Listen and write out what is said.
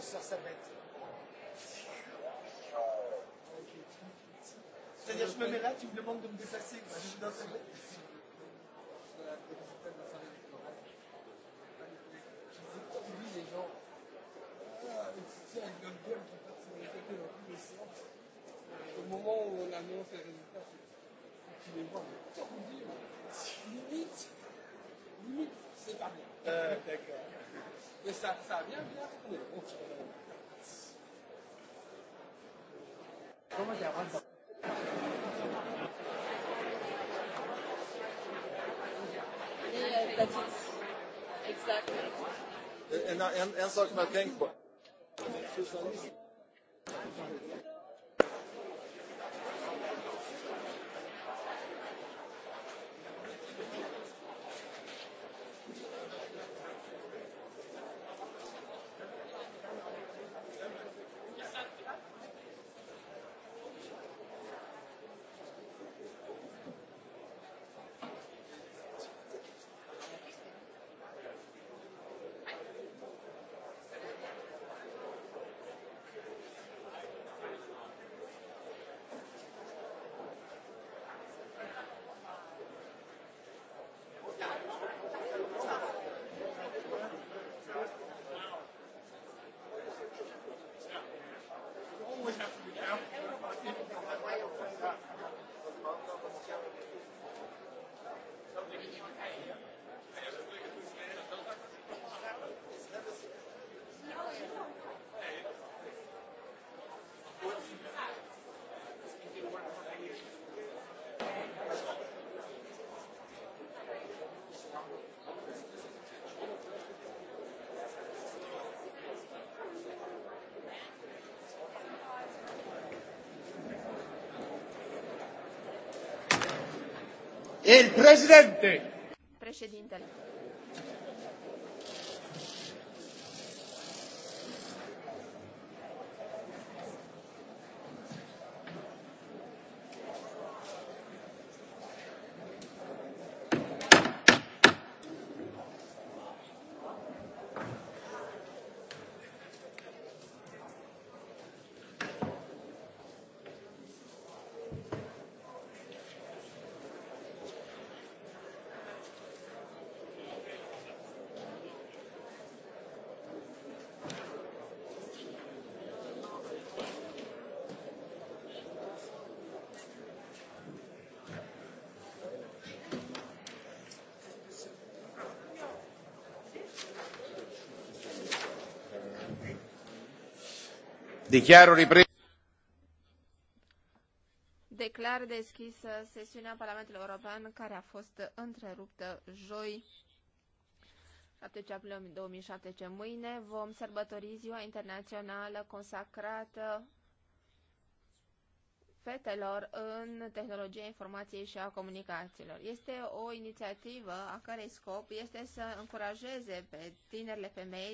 que ça s'arrête. C'est-à-dire, je me mets là, tu me demandes de me déplacer. Je suis dans cette... les gens. le Au moment où on annonce les résultats, tu les vois, mais tordus. Limite, limite, c'est pas bien. Euh, D'accord. Mais ça, ça a bien, Comment dire Exactly. En, en, en sak som tänkt på. El președinte. Președintele. Dichiaro ripreso. Declar deschisă sesiunea Parlamentului European care a fost întreruptă joi 7 aprilie 2017. Mâine vom sărbători Ziua Internațională consacrată fetelor în tehnologia informației și a comunicațiilor. Este o inițiativă a cărei scop este să încurajeze pe tinerile femei